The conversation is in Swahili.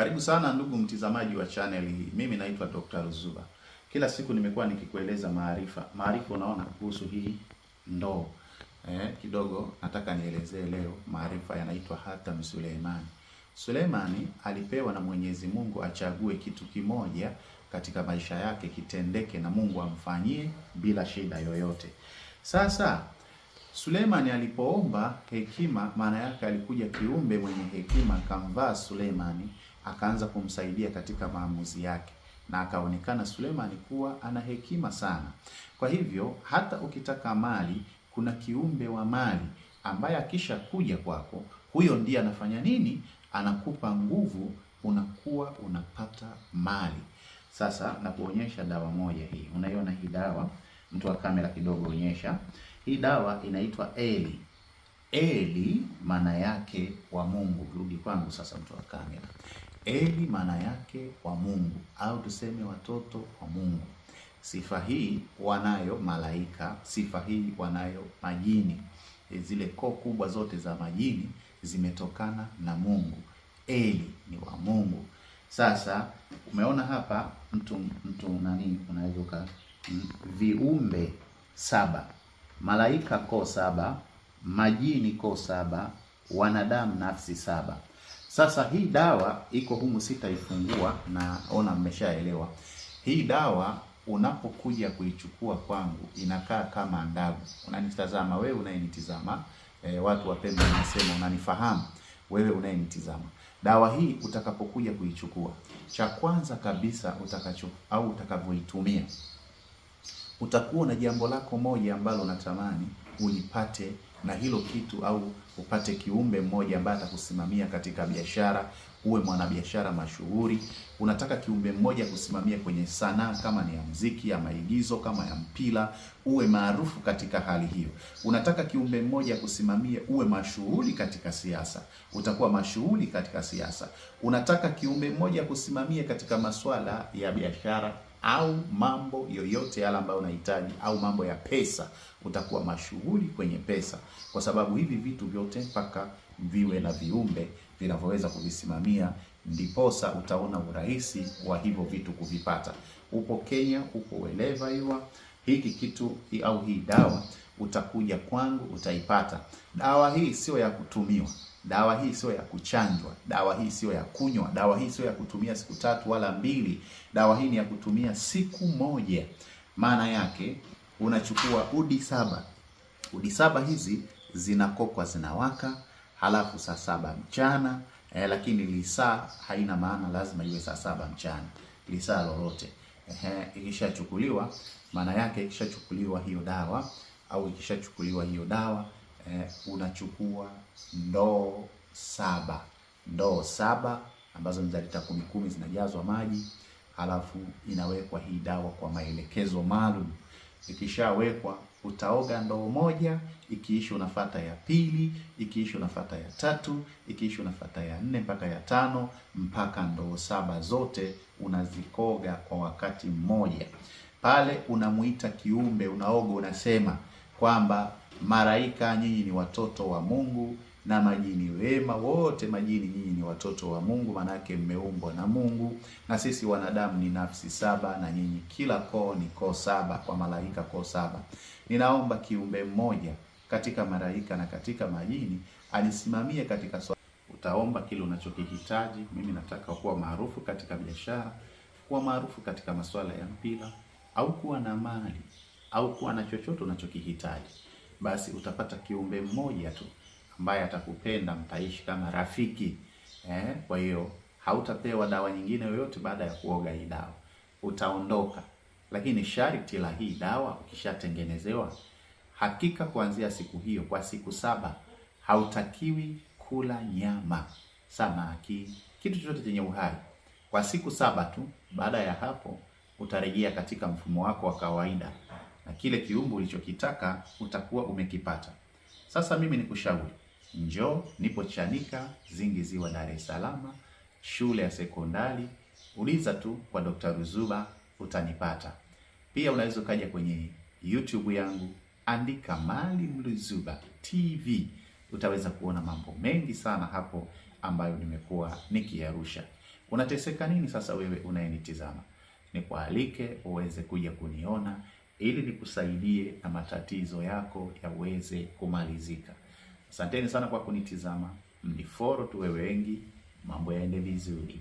Karibu sana ndugu mtizamaji wa channel hii. Mimi naitwa Dr. Ruzuba. Kila siku nimekuwa nikikueleza maarifa. Maarifa unaona kuhusu hii ndoo. Eh, kidogo nataka nielezee leo maarifa yanaitwa Hatam Suleimani. Suleimani alipewa na Mwenyezi Mungu achague kitu kimoja katika maisha yake kitendeke na Mungu amfanyie bila shida yoyote. Sasa Suleimani alipoomba hekima, maana yake alikuja kiumbe mwenye hekima kamvaa Suleimani akaanza kumsaidia katika maamuzi yake, na akaonekana Sulemani kuwa ana hekima sana. Kwa hivyo hata ukitaka mali, kuna kiumbe wa mali ambaye akishakuja kwako, huyo ndiye anafanya nini? Anakupa nguvu, unakuwa unapata mali. Sasa nakuonyesha dawa moja hii, unaiona hii dawa? Mtu wa kamera kidogo, onyesha hii dawa inaitwa Eli. Eli maana yake wa Mungu. Rudi kwangu sasa, mtu wa kamera. Eli maana yake wa Mungu au tuseme watoto wa Mungu. Sifa hii wanayo malaika, sifa hii wanayo majini. E, zile koo kubwa zote za majini zimetokana na Mungu. Eli ni wa Mungu. Sasa umeona hapa mtu mtu nani, unaweza uka viumbe saba, malaika koo saba, majini koo saba, wanadamu nafsi saba. Sasa hii dawa iko humu, sitaifungua na ona, mmeshaelewa. Hii dawa unapokuja kuichukua kwangu inakaa kama ndagu. Unanitazama wewe unayenitizama, e, watu wapendwa, nasema unanifahamu wewe unayenitizama. Dawa hii utakapokuja kuichukua, cha kwanza kabisa utakacho au utakavyoitumia, utakuwa na jambo lako moja ambalo unatamani ulipate na hilo kitu au upate kiumbe mmoja ambaye atakusimamia katika biashara, uwe mwanabiashara mashuhuri. Unataka kiumbe mmoja kusimamia kwenye sanaa, kama ni ya muziki, ya maigizo, kama ya mpira, uwe maarufu katika hali hiyo. Unataka kiumbe mmoja kusimamia, uwe mashuhuri katika siasa, utakuwa mashuhuri katika siasa. Unataka kiumbe mmoja kusimamia katika masuala ya biashara au mambo yoyote yale ambayo unahitaji au mambo ya pesa, utakuwa mashughuli kwenye pesa, kwa sababu hivi vitu vyote mpaka viwe na viumbe vinavyoweza kuvisimamia, ndiposa utaona urahisi wa hivyo vitu kuvipata. Upo Kenya, upo Weleva hiwa hiki kitu au hii dawa utakuja kwangu utaipata. Dawa hii sio ya kutumiwa Dawa hii sio ya kuchanjwa, dawa hii sio ya kunywa, dawa hii sio ya kutumia siku tatu wala mbili. Dawa hii ni ya kutumia siku moja. Maana yake unachukua udi saba, udi saba hizi zinakokwa zinawaka, halafu saa saba mchana eh, lakini lisaa haina maana, lazima iwe saa saba mchana, lisaa lolote eh, ikishachukuliwa maana yake ikishachukuliwa hiyo dawa au ikishachukuliwa hiyo dawa eh, unachukua ndoo saba, ndoo saba ambazo ni za lita kumi kumi zinajazwa maji, halafu inawekwa hii dawa kwa maelekezo maalum. Ikishawekwa utaoga ndoo moja, ikiisha unafata ya pili, ikiisha unafata ya tatu, ikiisha unafata ya nne mpaka ya tano, mpaka ndoo saba zote unazikoga kwa wakati mmoja. Pale unamuita kiumbe unaoga, unasema kwamba maraika nyinyi ni watoto wa Mungu, na majini wema wote, majini nyinyi ni watoto wa Mungu, manake mmeumbwa na Mungu. Na sisi wanadamu ni nafsi saba, na nyinyi kila koo ni koo saba, kwa malaika koo saba. Ninaomba kiumbe mmoja katika maraika na katika majini anisimamie katika swala. Utaomba kile unachokihitaji. Mimi nataka kuwa maarufu katika biashara, kuwa maarufu katika masuala ya mpira, au kuwa na mali au kuwa na chochote unachokihitaji basi utapata kiumbe mmoja tu ambaye atakupenda, mtaishi kama rafiki eh. Kwa hiyo hautapewa dawa nyingine yoyote baada ya kuoga hii dawa, utaondoka. Lakini sharti la hii dawa, ukishatengenezewa, hakika kuanzia siku hiyo kwa siku saba hautakiwi kula nyama, samaki, kitu chochote chenye uhai kwa siku saba tu. Baada ya hapo utarejea katika mfumo wako wa kawaida na kile kiumbe ulichokitaka utakuwa umekipata. Sasa mimi nikushauri, njoo, nipo Chanika Zingi Ziwa, Dar es Salaam, shule ya sekondari. Uliza tu kwa Dr. Ruzuba utanipata. Pia unaweza ukaja kwenye YouTube yangu, andika Maalim Ruzuba TV, utaweza kuona mambo mengi sana hapo ambayo nimekuwa nikiyarusha. Unateseka nini sasa wewe unayenitizama? Nikualike uweze kuja kuniona ili nikusaidie na matatizo yako yaweze kumalizika. Asanteni sana kwa kunitizama, mnifollow tuwe wengi, mambo yaende vizuri.